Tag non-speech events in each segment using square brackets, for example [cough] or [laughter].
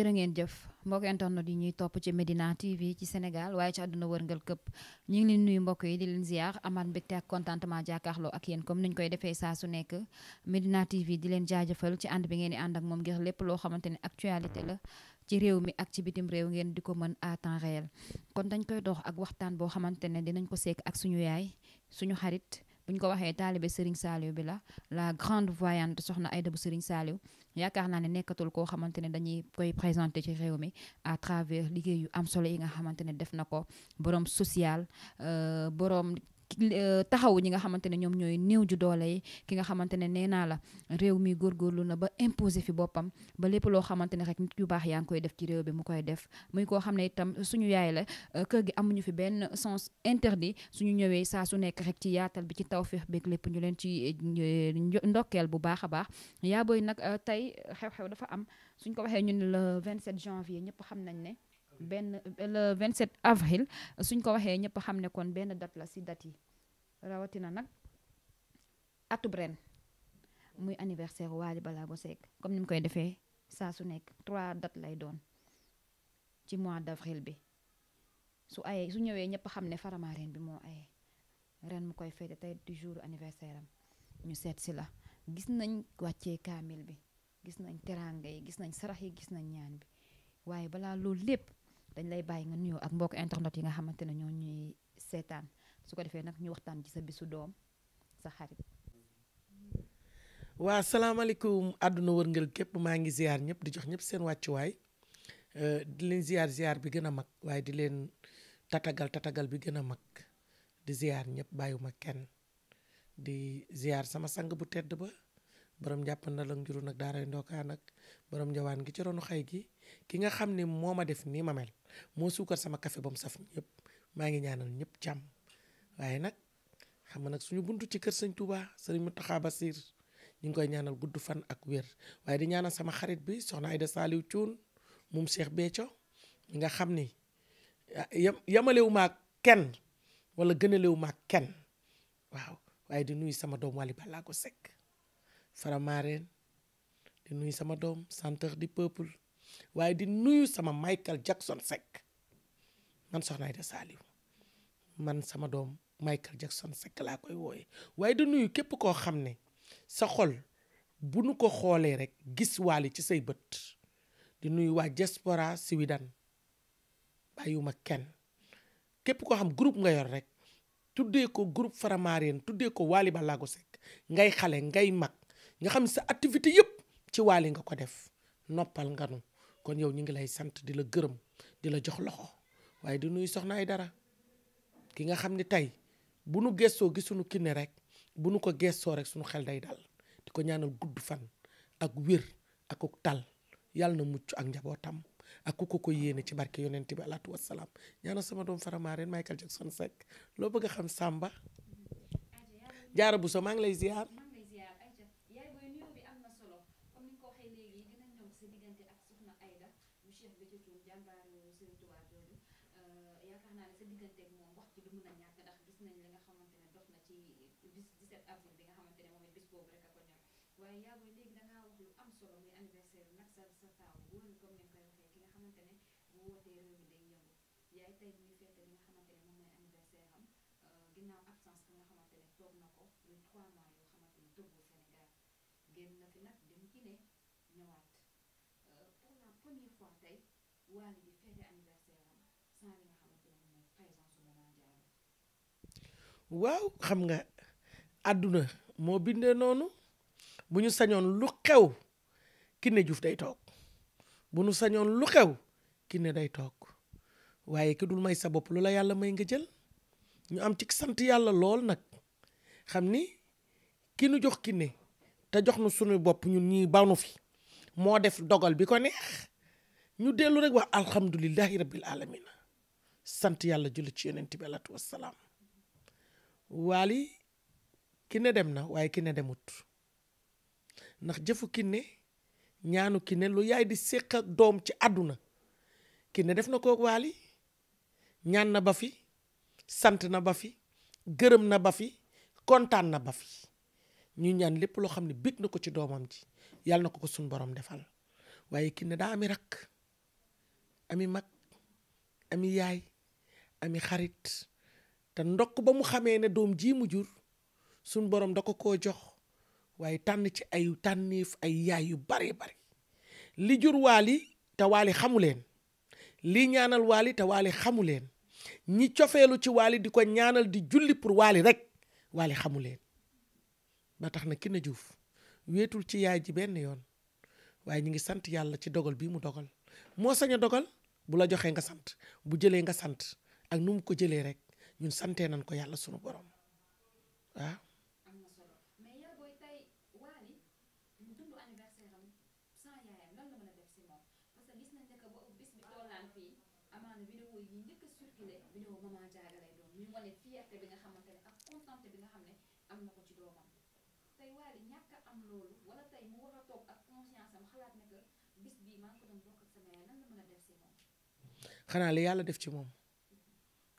jërë ngeen jëf mbokk internet yi ñuy topp ci Medina TV ci Sénégal waaye ci àdduna wërngal këpp ñu ngi leen nuyu mbokk yi di leen ziar amaat mbégte ak contentement ak yéen comme niñ koy defee saa su nekk Medina TV di leen jaajëfal ci ànd bi ngeen di ànd ak moom ngir lépp loo xamante ne actualité la ci réew mi ak ci bitim réew ngeen di ko mën à temps réel kon dañ koy dox ak waxtaan boo xamante ne dinañ ko seek ak suñu yaay suñu xarit bu ko waxee taalibe Serigne Saliou bi la la grande voyante soxna Aida bu Serigne Saliou yaakaar naa ne nekkatul koo xamante ne dañuy koy présenté ci réew mi à travers liggéey yu am solo yi nga xamante ne def na ko borom social euh, borom. taxaw ñi nga xamante ne ñoom ñooy néew ju doole yi ki nga xamante ne nee naa la réew mi góorgóorlu na ba imposé fi boppam ba lépp loo xamante ne rek nit yu baax yaa ngi koy def ci réew bi mu koy def muy koo xam ne itam suñu yaay la euh, kër gi amuñu fi benn sens interdit suñu ñëwee saa su nekk rek ci yaatal bi ci tawféex beeg lépp ñu leen ci euh, ndokkeel bu baax a baax yaa booy nag euh, tey xew-xew dafa am suñ ko waxee ñu ne le 27 janvier ñëpp xam nañ ne benn le 27 avril suñ ko waxee ñëpp xam ne kon benn dat la si date yi rawatina nag atub ren muy anniversaire Wally Ballago Seck comme ni mu koy defee saa su nekk trois date lay doon ci mois d'avril bi su ayee su ñëwee ñëpp xam ne Faramareen bi moo ayee ren mu koy feete tey du jour anniversaire am ñu seet si la gis nañ wàccee kaamil bi gis nañ teraanga yi gis nañ sarax yi gis nañ ñaan bi waaye balaa loolu lépp dañ lay bàyyi nga nuyoo ak mbokk internet yi nga xamante ne ñoo ñuy seetaan su ko defee nag ñu waxtaan ci sa bisu doom sa xarit. waa salaamaaleykum àdduna wërngël képp maa ngi ziar ñëpp di jox ñëpp seen wàccuwaay euh, di leen ziar ziar bi gën a mag waaye di leen tatagal tatagal bi gën a mag di ziar ñëpp bàyyiwuma kenn di ziar sama sang bu tedd ba. borom na la njuru nag daaray ndokaa nag boroom njawaan ngi ci xay gi ki nga xam ne moo ma def nii ma mel moo suukar sama café ba mu saf ñëpp maa ngi ñaanal ñëpp jàmm waaye nag xam nga nag suñu buntu ci kër sëñ Touba sëriñ Mountakha Bassir ñu ngi koy ñaanal gudd fan ak wér waaye di ñaanal sama xarit bi soxna Aïda Saliou Thioune moom Cheikh Béthio mi nga xam ni ah, yam yamalewu maa kenn walla gënalewu maa kenn waaw waaye di nuyu sama doom Wally Ballago Seck Faramareen di nuyu sama doom centre du peuple waaye di nuyu sama Michael Jackson Seck man Soxna Aida Saliou man sama doom Michael Jackson sekk laa koy wooye waaye di nuyu képp koo xam ne sa xol bu nu ko xoolee rek gis waali ci say bët di nuyu waa diaspora Sweden bàyyiwuma kenn képp koo xam group nga yor rek tuddee ko group Faramareen tuddee ko Waly Ballago Seck ngay xale ngay mag nga xam sa activité yëpp ci waali nga ko def noppal nga kon yow ñu ngi lay sant di la gërëm di la jox loxo waaye di nuyu soxna ay dara ki nga xam ni tey bu nu gestoo gisuñu kinne rek bu nu ko gestoo rek suñu xel day dal di ko ñaanal gudd fan ak wér ak tal yàlla na mucc ak njabootam ak ku ko ko yéene ci barke yonent bi alaatu wasalaam ñaanal sama doom faramaareen Michael Jackson Seck loo bëgg a xam sàmba jaara bu so maa ngi lay ziar. Euh, euh, waaw xam nga àdduna moo bindee noonu bu ñu sañoon lu xew Kiné Diouf day toog bu ñu sañoon lu xew Kiné day toog. waaye ku dul may sa bopp lu la yàlla may nga jël ñu am ci sant yàlla lool nag xam ni ki nu jox ki te jox nu suñu bopp ñun ñii banu fi moo def dogal bi ko neex ñu dellu rek wax alhamdulillahi rabbil alamin sant yàlla julli ci yonent bi alaatu wassalaam waali ki dem na waaye ki ne demut ndax jëfu kinne ñaanu kinne lu yaay di séq ak doom ci àdduna kinne def na ko waali ñaan na ba fi sant na ba fi gërëm na ba fi kontaan na ba fi ñu ñaan lépp loo xam ne bég na ko ci doomam ji yàlla na ko ko suñ boroom defal waaye Kiné daa ami rakk ami mag ami yaay ami xarit te ndokk ba mu xamee ne doom ji mu jur suñ borom da ko koo jox waaye tànn ci ay tànniif ay yaay yu bari bari li jur waali te waali xamu leen lii ñaanal waali te waali xamu leen ñi cofeelu ci waali di ko ñaanal di julli pour waali rek waali xamu leen ba tax na kin na juuf weetul ci yaay ji benn yoon waaye ñi ngi sant yàlla ci dogal bii mu dogal moo sañ a dogal bu la joxee nga sant bu jëlee nga sant ak nu mu ko jëlee rek ñun santee nañ ko yàlla sunu borom waaw xanaa li yàlla def ci moom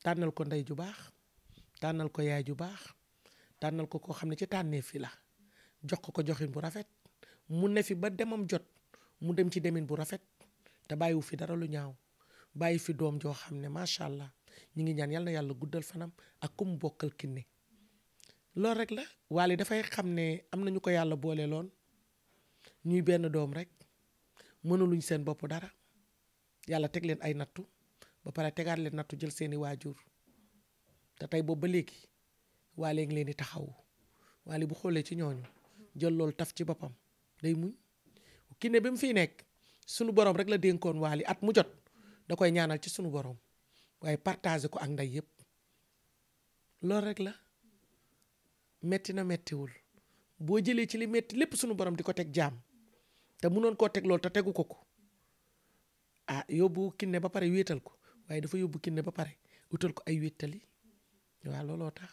tànnal ko ndey ju baax tànnal ko yaay ju baax tànnal ko koo xam ne ci tànnee fi la jox ko ko joxin bu rafet mu ne fi ba demam jot mu dem ci demin bu rafet te bàyyiwu fi dara lu ñaaw bàyyi fi doom joo xam ne macha allah ñu ngi ñaan yàlla yàlla guddal fanam ak ku mu bokkal kinne loolu rek la Wally dafay xam ne am na ñu ko yàlla boole loon ñuy benn doom rek mënuluñ seen bopp dara yàlla teg leen ay nattu ba pare tegaat leen nattu jël seeni waajur te tey boobu ba léegi Wally ngi leen di taxawu Wally bu xoolee ci ñooñu jël loolu taf ci boppam day muñ ki ne bi mu fiy nekk sunu borom rek la dénkoon Wally at mu jot da koy ñaanal ci sunu borom waaye partagé ko ak ndey yëpp loolu rek la. metti na mettiwul boo jëlee ci li metti lépp sunu borom di ko teg jaam te munoon koo teg loolu te tegu ko ko ah yóbbu kinne ba pare wéetal ko waaye dafa yóbbu kinne ba pare utal ko ay wéttali waaw looloo tax.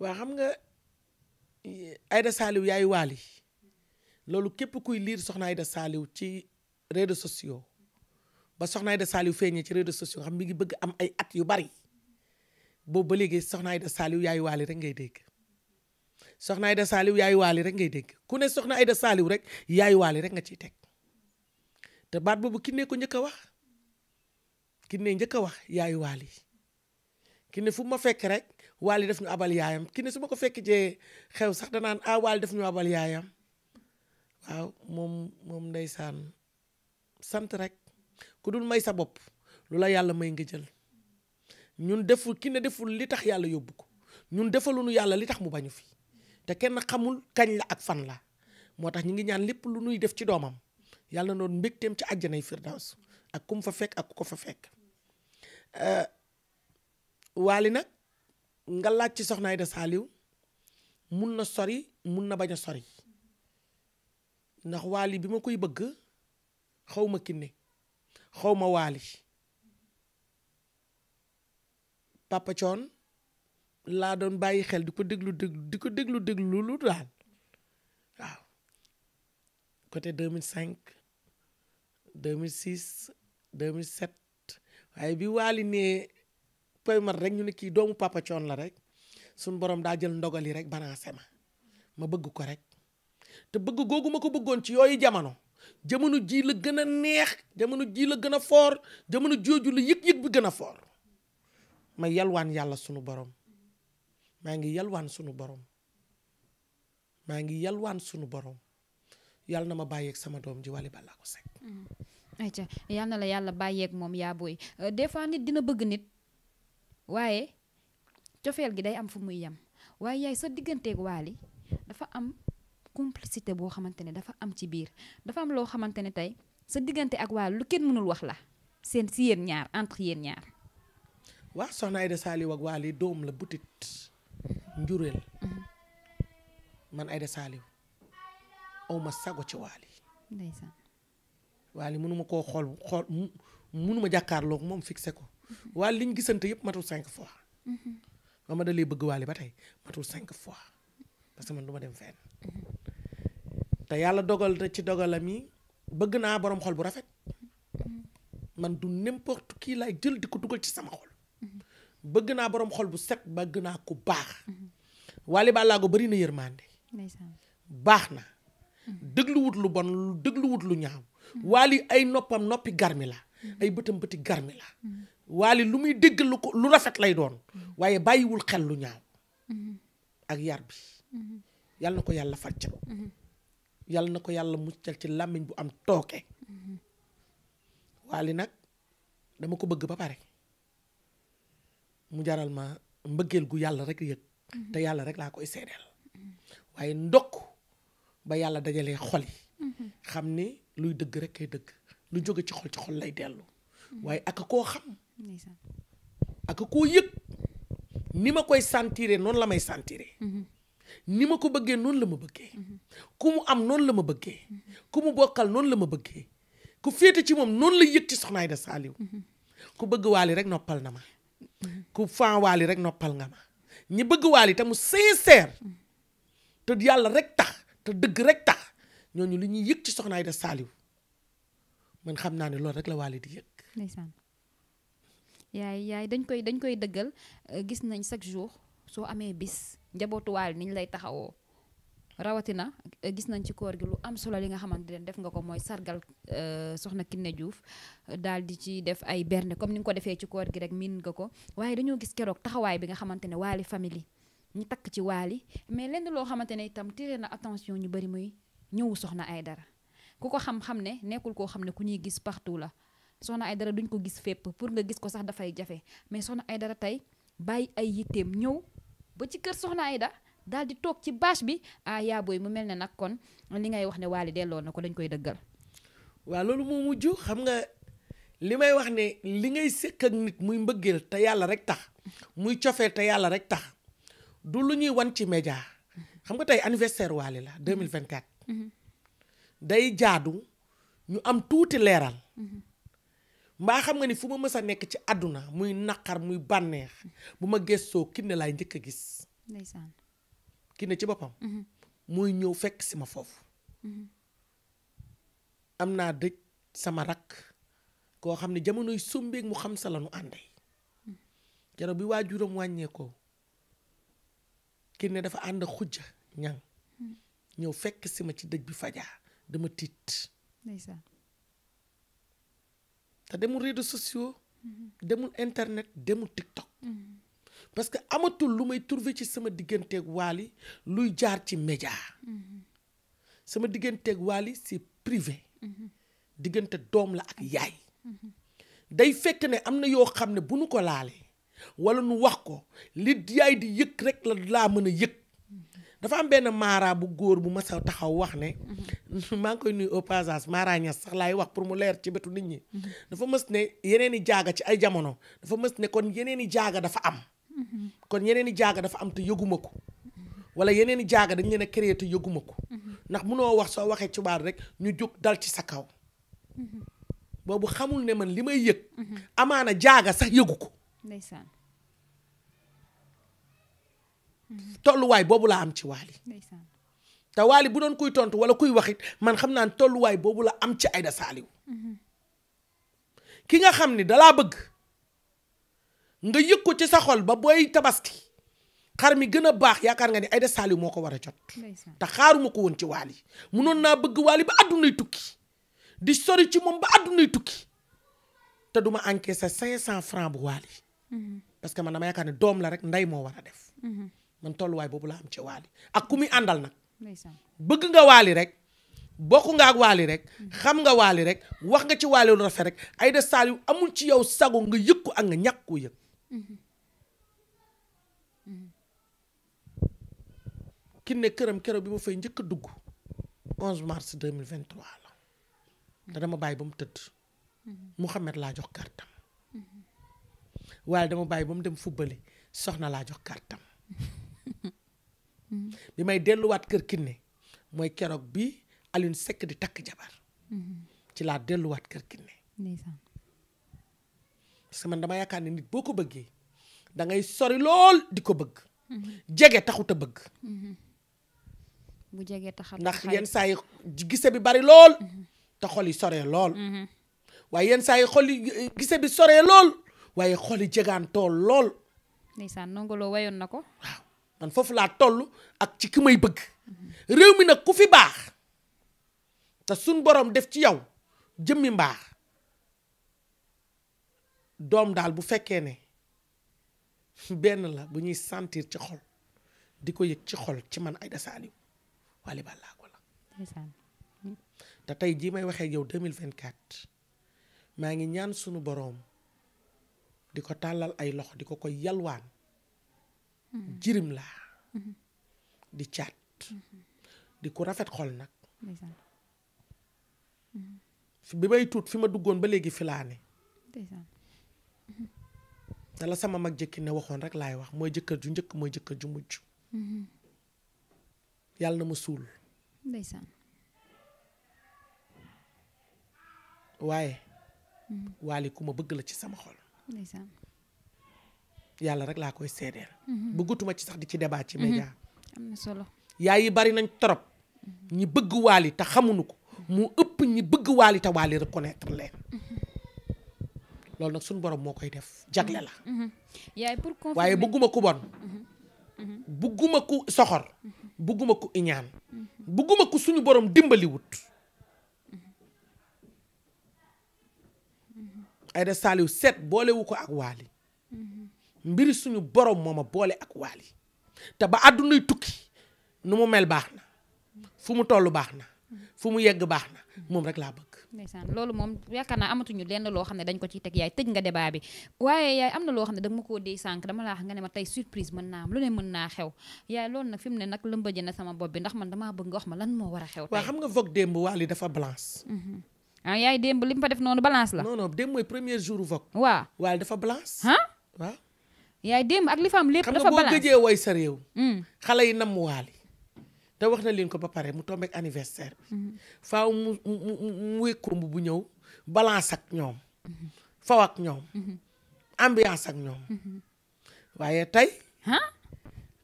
waa xam nga ay Aida Saliou yaay waali loolu képp kuy liir soxna ay Aida Saliou ci red sociaux ba soxna Aida Saliou feeñee ci réseaux sociaux xam mi ngi bëgg am ay at yu bari boobu ba léegi soxna Aida Saliou yaay waali rek ngay dégg soxna Aida Saliou yaay waali rek ngay dégg ku ne soxna ay Aida Saliou rek yaay waali rek nga ciy teg te baat boobu ki ne ko njëkk a wax ki ne njëkk a wax yaay waali ki ne fu ma fekk rek Wally def ñu abal yaayam ki ne su ma ko fekk jee xew sax danaan ah Wally def ñu abal yaayam waaw moom moom ndeysaan sant rek ku dul may sa bopp lu la yàlla may nga jël ñun deful ki ne deful li tax yàlla yóbbu ko ñun defaluñu yàlla li tax mu bañu fi te kenn xamul kañ la ak fan la moo tax ñu ngi ñaan lépp lu nuy def ci doomam yàlla na doon mbégteem ci àjjanay firdaws ak kum fa fekk ak ku ko fa fekk euh, Wally nag nga laaj ci soxna Aida Saliou mun na sori mun na bañ a sori ndax waali bi ma koy bëgg xaw ma kinne xaw ma waali papa coon laa doon bàyyi xel di ko déglu déglu di ko déglu déglu lu daal waaw côté 2005 2006 2007 waaye bi waali nee koy mat rek ñu ne kii doomu papa coon la rek suñu boroom daa jël ndogali rek balancé ma ma bëgg ko rek te bëgg googu ma ko bëggoon ci yooyu jamono jamono jii la gën a neex jamono jii la gën a foor jamono jooju la yëg-yëg bi gën a foor ma yalwaan yàlla suñu boroom maa ngi yalwaan suñu boroom maa ngi yalwaan sunu borom yàlla na ma bàyyeeg sama doom ji wali balaa ko sekk. Mm. ayca yal na la yàlla bàyyeeg moom yaa booy euh, des nit dina bëgg nit. waaye cofeel gi day am fu muy yem waaye yaay sa digganteeg waali dafa am complicité boo xamante ne dafa am ci biir dafa am loo xamante ne tey sa diggante ak waali lu kenn mënul wax la seen si yéen ñaar entre yéen ñaar waa soxna Aida Saliou ak waali doom la butit njureel mm-hmm. man Aida Saliou awma sago ci waali ndeysaan waali mënuma koo xool xool mënuma jàkkaarloog moom fixé ko waali liñ gisante yëpp matul cinq fois mm-hmm. ma ma da lay bëgg waali ba tey matul cinq fois parce que man du dem fenn mm-hmm. te yàlla dogal na ci dogalam yi bëgg naa borom xol bu rafet mm-hmm. man du n'importe qui laay jël di ko dugal ci sama xol bëgg naa borom xol bu set bëgg naa ko baax waali bàllaago bari na yërmande baax na dégluwut lu bon dégluwut lu ñaaw waali ay noppam noppi garmi la ay bëtam bëti garmi la waali lu muy dégg lu ko lu rafet lay doon waaye bàyyiwul xel lu ñaaw ak yar bi yal ko yàlla fàcc yal na ko yàlla muccal ci làmmiñ bu am tooke waali nag dama ko bëgg ba pare mu jaral ma mbëggeel gu yàlla rek yëg te yàlla rek laa koy seedeel waaye ndokk ba yàlla dajalee xol yi xam ne luy dëgg rek kay dëgg lu jóge ci xol ci xol lay dellu waaye ak koo xam ak koo yëg ni ma koy sentiré noonu la may sentiré. Mhm. ni ma ko bëggee noonu la ma bëggee. Mhm. ku mu am noonu la ma bëggee. ku mu bokkal noonu la ma bëggee. ku féete ci moom noonu la yëg ci Soxna Aida Saliou. Mhm. ku bëgg waali rek noppal na ma. ku fan waali rek noppal nga ma. ñi bëgg waali te mu sincère. te yàlla rek tax te dëgg rek tax ñooñu li ñuy yëg ci Soxna Aida Saliou man xam naa ne loolu rek la waali di yëg. yaay yaay dañ koy dañ koy dëggal euh, gis nañ chaque jour soo amee bis njabootu waali niñ lay taxawoo rawatina euh, gis nañ ci koor gi lu am solo li nga xamante ne def nga ko mooy sargal euh, soxna Kiné Diouf daal di ci def ay berne comme ni nga ko defee ci koor gi rek miin nga ko waaye dañoo gis keroog taxawaay bi nga xamante ne waali famille ñu takk ci waali mais lenn loo xamante ne itam tiré na attention ñu bari muy ñëwu soxna ay dara ku ko xam-xam ne nekkul koo xam ne ku ñuy gis partout la soxna ay dara duñ ko gis fépp pour nga gis ko sax dafay jafe mais soxna dara tey bàyyi ay yitteem ñëw ba ci kër soxna ay da daal di toog ci bâche bi ah yaa booy mu mel ne nag kon li ngay wax ne waali delloo na ko dañ koy dëggal. waaw loolu moo mujj xam nga li may wax ne li ngay séq ak nit muy mbëggeel te yàlla rek tax muy cofee te yàlla rek tax du lu ñuy wan ci média xam nga tey anniversaire waali la 2024. Mm-hmm. day jaadu ñu am tuuti leeral. Mm-hmm. mbaa xam nga ni fu ma mës a nekk ci àdduna muy naqar muy bànneex bu ma gëstoo kinne laay njëkk a gis. ndeysaan ci boppam. muy mhm. ñëw fekk si ma foofu. Mhm. am naa dëj sama rakk koo xam ne jamonoy sumbeek mu xam sa la nu ànde jaro mhm. bi waajuram wàññeekoo kinne dafa ànd xujja ñaŋ ñëw fekk si ma ci dëj bi fajaa dama tiit. te demul réseaux sociaux mm-hmm. demul internet demul TikTok mm-hmm. parce que amatul lu may trouver ci sama digganteeg Wally luy jaar ci média mm-hmm. sama digganteeg Wally c'est privé diggante doom la ak yaay day fekk ne am na yoo xam ne bu nu ko laalee wala nu wax ko li yaay di yëg rek la laa mën a yëg dafa am benn maara bu góor bu ma sa taxaw wax ne mhm. maa ngi koy nuyu au passage ñas sax laay wax pour mu leer ci bëtu nit ñi mhm. dafa mës ne yeneen i jaaga ci ay jamono dafa mës ne kon yeneen i jaaga dafa am mhm. kon yeneen i jaaga dafa am te yëguma ko wala yeneen i jaaga dañ leen a créé te yëguma ko ndax munoo wax soo waxee cubaar rek ñu jóg dal ci sa kaw boobu xamul ne man li may yëg amaana jaaga sax yëgu ko ndeysaan Mm-hmm. tolluwaay boobu laa am ci waali te waali bu doon kuy tontu wala kuy waxit man xam naa ne tolluwaay boobu la am ci Aida Saliou mm-hmm. ki nga xam ni dalaa bëgg nga yëg ko ci sa xol ba booy tabaski xar mi gën a baax yaakaar nga ni Aida Saliou moo ko war a jot te xaaruma ko woon ci waali munoon naa bëgg waali ba àddunay tukki di sori ci moom ba àddunay tukki te duma sa cinq cent francs bu waali mm-hmm. parce que man dama yaakaar ne doom la rek ndey moo war a def man tolluwaay boobu laa am ci waali ak ku muy àndal nag. bëgg nga waali rek bokk nga ak waali rek mm-hmm. xam nga waali rek wax nga ci waali lu rafet rek Aida Saliou amul ci yow sago nga yëg ko ak ñàkk koo yëg. Mm-hmm. Mm-hmm. ki ne këram keroog bi ma fay njëkk a dugg 11 mars 2023 la te dama bàyyi ba mu tëdd. Mouhamed laa jox kartam waaye dama bàyyi ba mu dem fubbali soxna laa jox kartam [laughs] bi may delluwaat kër kinne mooy keroog bi Alioune Seck di takk jabar ci laa delluwaat kër kinne parce que dama yaakaar ne nit boo ko bëggee dangay sori lool di ko bëgg jege taxut a bëgg bu jege taxat ndax yenn saay yi gise bi bari lool te xol yi soree lool waaye yenn saa yi eh, gise bi soree lool waaye xol yi jegaan tool lool ndeysaan nongoloo wayoon na ko man foofu laa toll ak ci ki may bëgg réew mi nag ku fi baax te suñ boroom def ci yow jëmmi mbaax doom daal bu fekkee ne benn la bu ñuy sentir ci xol di ko yëg ci xol ci man Aïda Saliou wali bàllaa ko la te tey jii may waxee yow maa ngi ñaan suñu boroom di ko tàllal ay loxo di ko koy yalwaan Mm-hmm. jirim laa mm-hmm. di caat mm-hmm. di ku rafet xol nag bi may tuut fi ma duggoon ba léegi filaane dala sama mag jëkki ne waxoon rek laay wax mooy jëkkër ju njëkk mooy jëkkër ju mujj yàlla na ma suul ndeysaan waaye waali ku ma bëgg la ci sama xol yàlla rek laa koy seedeel. Mhm. bëggatuma ci sax di ci débat ci mhm. média. am na yaay yi bari nañ trop. Mhm. ñi bëgg waali te xamuñu ko. mu ëpp ñi bëgg waali te waali reconnaître leen. loolu nag suñu borom moo koy def jagle la. pour confirmer waaye bëgguma ku bon. bëgguma ku soxor. bëgguma ku iñaan. bëgguma ku suñu borom dimbaliwut. Aïda Saliou set boolewu ko ak waali mbiri suñu borom moo ma boole ak waali te ba àddunay tukki nu mu mel baax na fu mu toll baax na fu mu yegg baax na moom rek laa bëgg. ndeysaan loolu moom yaakaar naa amatuñu lenn loo xam ne dañ ko ciy teg yaay tëj nga débat bi waaye yaay am na loo xam ne danga ma koo dee sànq dama la nga ne tey surprise mën naa am lu mën naa xew yaay loolu nag fi mu ne nag lëmbaje na sama bopp bi ndax man damaa bëgg nga wax ma lan moo war a xew. tey waaw xam nga vogue démb waali dafa balance. Mhm. ah yaay démb li mu fa def noonu balance la. non non démb mooy premier jour vogue. waaw waali dafa balance. ah yaay démb ak li fa am lépp dafa balance xam nga boo gëjee way sa réew. Mm. xale yi namm waali te wax na leen ko ba pare mu tombé anniversaire bi. Mm-hmm. faaw mu mu mu wékkumb bu ñëw balance ak ñoom. Mm-hmm. faw ak ñoom. Mm-hmm. ambiance ak ñoom. waaye tey. ah.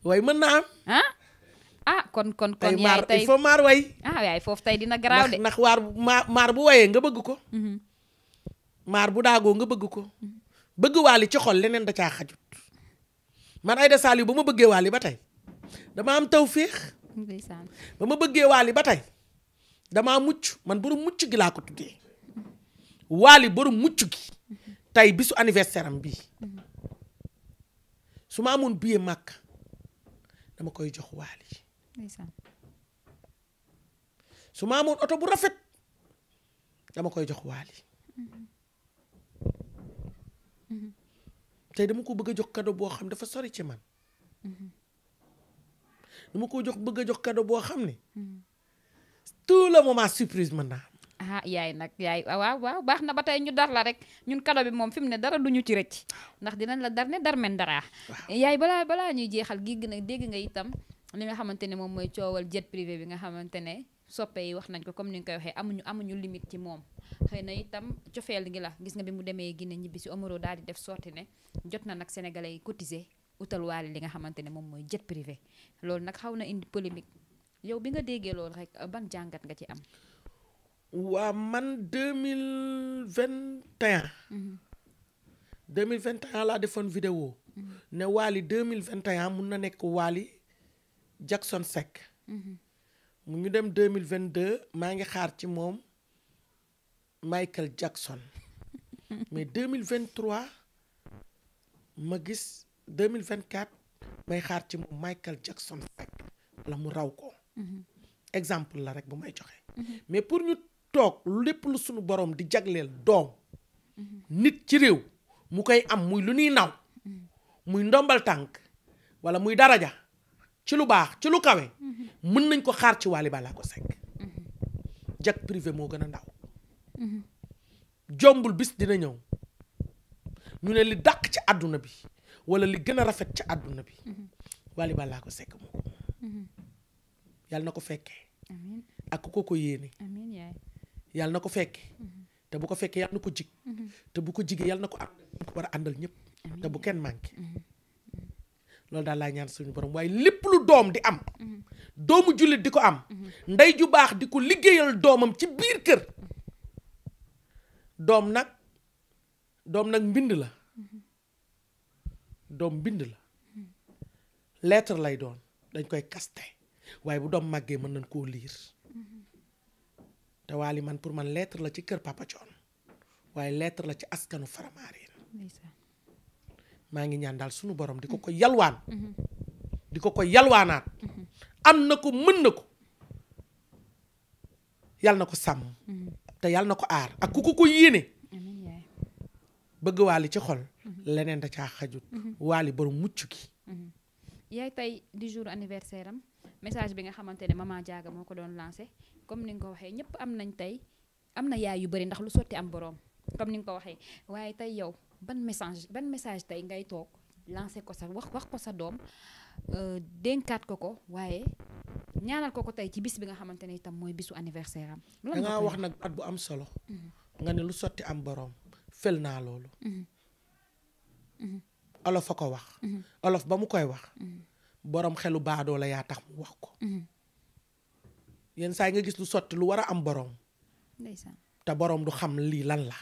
way mën na am. ah ah kon kon kon. yaay tey il faut maar way. ah yaay foofu tey dina garaaw de. ndax waar maar maar bu wayee nga bëgg ko. maar bu daagoo nga bëgg ko. bëgg waali ci xol leneen da caa xajut. man Aïda saali ba ma bëggee waali ba tey dama am tawféex ba ma bëggee Wally ba tey damaa mucc man borom mucc gi laa ko tuddee Wally borom mucc gi tey bisu anniversaire am bii su ma amoon billet màkk dama koy jox Wally su oto bu rafet dama koy jox Wally mm-hmm. Mm-hmm. tey dama ko bëgg a jox cadeau boo xam dafa sori ci man ko jox bëgg a jox cadeau boo xam ne tout le moment surprise mën naa am ah, yaay nag yaay waaw waaw baax na ba tey ñu dar la rek ñun cadeau bi moom fi mu ne dara du ñu ci rëcc ndax dinañ la dar ne dar men daraa yaay balaa balaa ñuy jeexal gi nag dégg nga itam li nga xamante ne moom mooy coowal jet privé bi nga xamante ne soppe yi wax nañ ko comme ni nga koy waxee amuñu amuñu limite ci moom xëy na itam cofeel gi la gis nga bi mu demee Guinée ñibbi si Omaro daal di def sorti ne jot na nag sénégalais yi cotiser utal waale li nga xamante ne moom mooy jet privé loolu nag xaw na indi polémique yow bi nga déggee loolu rek ban jàngat nga ci am. waa man deux mille vingt et mhm. deux mille vingt et un laa mhm. ne Wally deux mille vingt mun na nekk Wally Jackson Seck. Mm mu ngi dem 2022 maa ngi xaar ci moom Michael Jackson [laughs] mais 2023 ma gis 2024 may xaar ci moom Michael Jackson fekk la mu raw ko mm-hmm. exemple la rek bu may joxe mm-hmm. mais pour ñu toog lépp lu suñu borom di jagleel doom mm-hmm. nit ci réew mu koy am muy lu ñuy naw muy ndombal tànk wala muy daraja ci lu baax ci lu kawe. Mhm. mën nañ ko xaar ci Wally Ballago Seck. Mhm. jag privé moo gën a ndaw. Mhm. jombul bis dina ñëw ñu ne li dàq ci àdduna bi wala li gën a rafet ci àdduna bi. Wally Ballago Seck moo ko moom. yàlla na ko fekkee. ak ko ko yéene. yàlla na ko fekkee. te bu ko fekkee yàlla na ko jig. te bu ko jigee yàlla na ko am ko war a àndal ñëpp. te bu kenn manqué. loolu daal laa ñaan suñu borom waaye lépp lu doom di am doomu jullit di ko am ndey ju baax di ko liggéeyal doomam ci biir kër doom nag doom nag mbind la doom mbind la lettre lay doon dañ koy kaste waaye bu doom màggee mën nañ koo liir te waali man pour man lettre la ci kër Papa Thione waaye lettre la ci askanu Faramareen maa ngi ñaan daal sunu borom di ko mm-hmm. ko yalwaan mm-hmm. di ko ko yalwaanaat mm-hmm. am na ko mën na ko yal na ko sàmm te yal na ko aar ak ku ko ko yéene bëgg waali ci xol leneen da caa xajut waali borom mucc ki yaay tey di jour anniversaire message bi nga xamante ne ma maa Diaga moo ko doon lancé comme ni nga ko waxee ñëpp am nañ tey am na yaay yu bari ndax lu sotti am boroom comme ni nga ko waxee waaye tey yow ban message ban message tey ngay toog lancé ko sa wax wax ko sa doom euh, dénkaat ko ko waaye ñaanal ko ko tey ci bis bi nga xamante ne itam mooy bisu anniversaire am. da ngaa wax nag at bu am solo. Mhm. nga ne lu sotti am boroom fel naa loolu. Mhm. Mhm. olof a ko wax. olof ba mu koy wax. boroom xelu baadoo la yaa tax mu wax ko. yenn saa yi nga gis lu sotti lu war a am boroom. ndeysaan te boroom du xam lii lan la.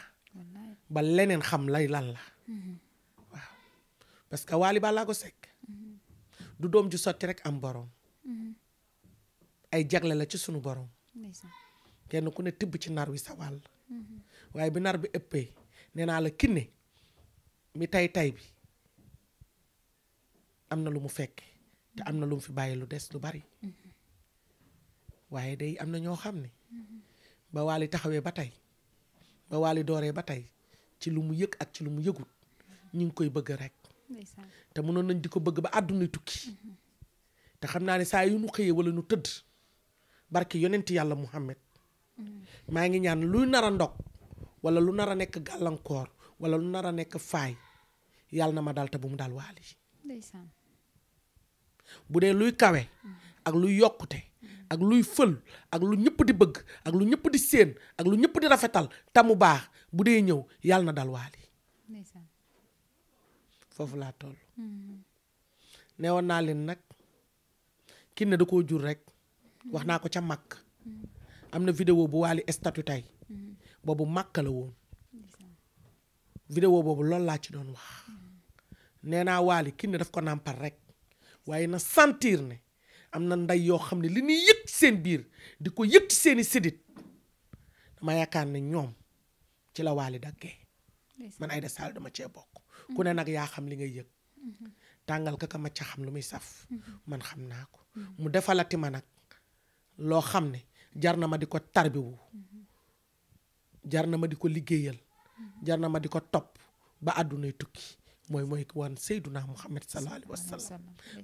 ba leneen xam lay lan la mm-hmm. waaw parce que Wally ko Seck mm-hmm. du doom ju sotti rek am boroom mm-hmm. ay jagle la ci sunu borom kenn ku ne tibb ci nar wi sa wàll waaye bi nar bi ëppee nee naa la kinne mi tay tay bi am na lu mu fekk te am na lu mu fi bàyyi lu des lu bari waaye day am na ñoo xam ne ba Wally taxawee ba tey ba Wally dooree ba tey ci lu mu yëg ak ci lu mu yëgut ñu ngi koy bëgg rek te mënoon nañ di ko bëgg ba àdduna tukki mm-hmm. te xam naa ne saa yu nu xëyee wala nu tëdd barke yonent yàlla Muhammad mm-hmm. maa ngi ñaan luy nar a ndog wala lu nar a nekk gàllankoor wala lu nar a nekk faay yàlla na ma dal te bu mu dal waali bu dee luy kawe mm-hmm. ak luy yokkute ak luy fël ak lu ñëpp di bëgg ak lu ñëpp di séen ak lu ñëpp di rafetal tamu baax bu dee ñëw yàlla na dal waali foofu laa toll mm-hmm. neewoon naa leen nag kin ne da koo jur rek wax naa ko ca màkk mm-hmm. am na vidéo bu waali statut tey mm-hmm. boobu màkk la woon vidéo boobu loolu laa ci doon wax nee naa waali kin ne daf ko nàmpal rek waaye na santiir ne am na nday yoo xam ne li ñuy yëg seen biir di ko yëg seeni sidit ma yaakaar ne ñoom ci la waali daggee man Aida Sall dama cee bokk ku ne mhm. nag yaa xam li ngay yëg mhm. tàngal ka kaka ma ca xam lu muy saf mhm. man xam naa ko mu defalati ma nag loo xam ne jar na ma di ko tarbiwu jar na ma di ko liggéeyal jar na ma di ko topp ba àddunay tukki mooy mooy wan Seyduna Muhammad sallallahu alayhi wa sallam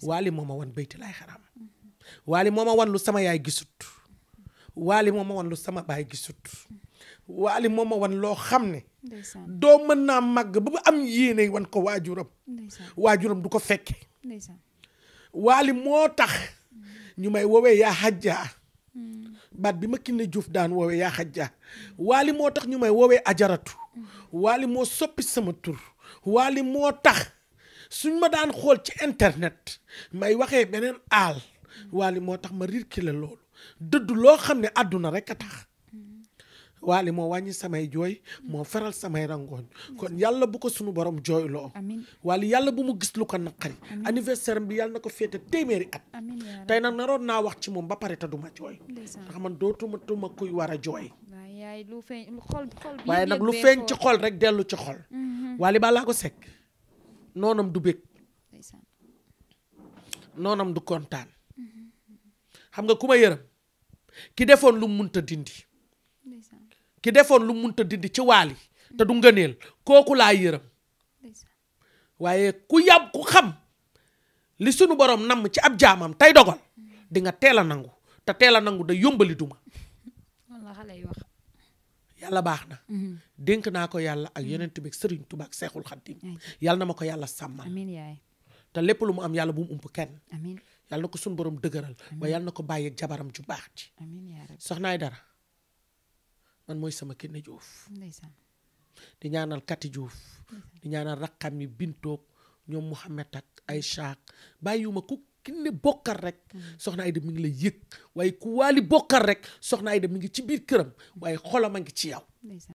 waali mooma wan bayti laay xaraam waali moo ma wan lu sama yaay gisut waali moo ma wan lu sama baay gisut waali moo ma wan loo xam ne doo mën naa màgg ba ba am yéene wan ko waajuram waajuram du ko fekke waali moo tax mm. ñu may woowee yaa xajjaa mm. baat bi ma Kiné Juuf daan woowee yaa xajjaa waali moo tax ñu may woowee ajaratu mm. waali moo soppi sama tur waali moo tax suñ ma daan xool ci internet may waxee beneen aal waali moo tax ma riir ki la loolu dëdd loo xam ne àdduna rek a tax waali moo wàññi samay jooy moo feral samay rangooñ kon yàlla bu ko sunu borom jooy loo waali yàlla bu mu gis lu ko naqari bi yàlla ko féete téeméeri at tey naroon naa wax ci moom ba pare te duma jooy war a jooy waaye nag lu feeñ ci xol rek dellu ci xol mhm. waali baa laa ko sekk noonam du bég noonam du kontaan xam nga ku ma yërëm ki defoon lu mu munta dindi ki defoon lu munta dindi ci waal yi te du ngëneel kooku laa yërëm waaye ku yàb ku xam li sunu borom namm ci ab jaamam tey dogal di nga teel a nangu te teel a nangu da yombali duma [laughs] yàlla baax na mhm. dénk naa ko yàlla ak yeneen bi sëriñ tubaak seexul xaddim yàlla na ma ko yàlla sàmmal te lépp lu mu am yàlla bu ump kenn yàlla na ko suñu boroom dëgëral waaye yàlla na ko bàyyi jabaram ju baax ji soxnaay dara man mooy sama Kiné Diouf di ñaanal Kati Diouf di ñaanal rakkam yi bintoog ñoom Mouhamed ak ay Aïcha bàyyiwuma ku Kiné bokkal rek soxna Aïda mu ngi la yëg waaye kuwaali waali bokkal rek soxna Aïda mi ngi ci biir këram waaye xolam a ngi ci yow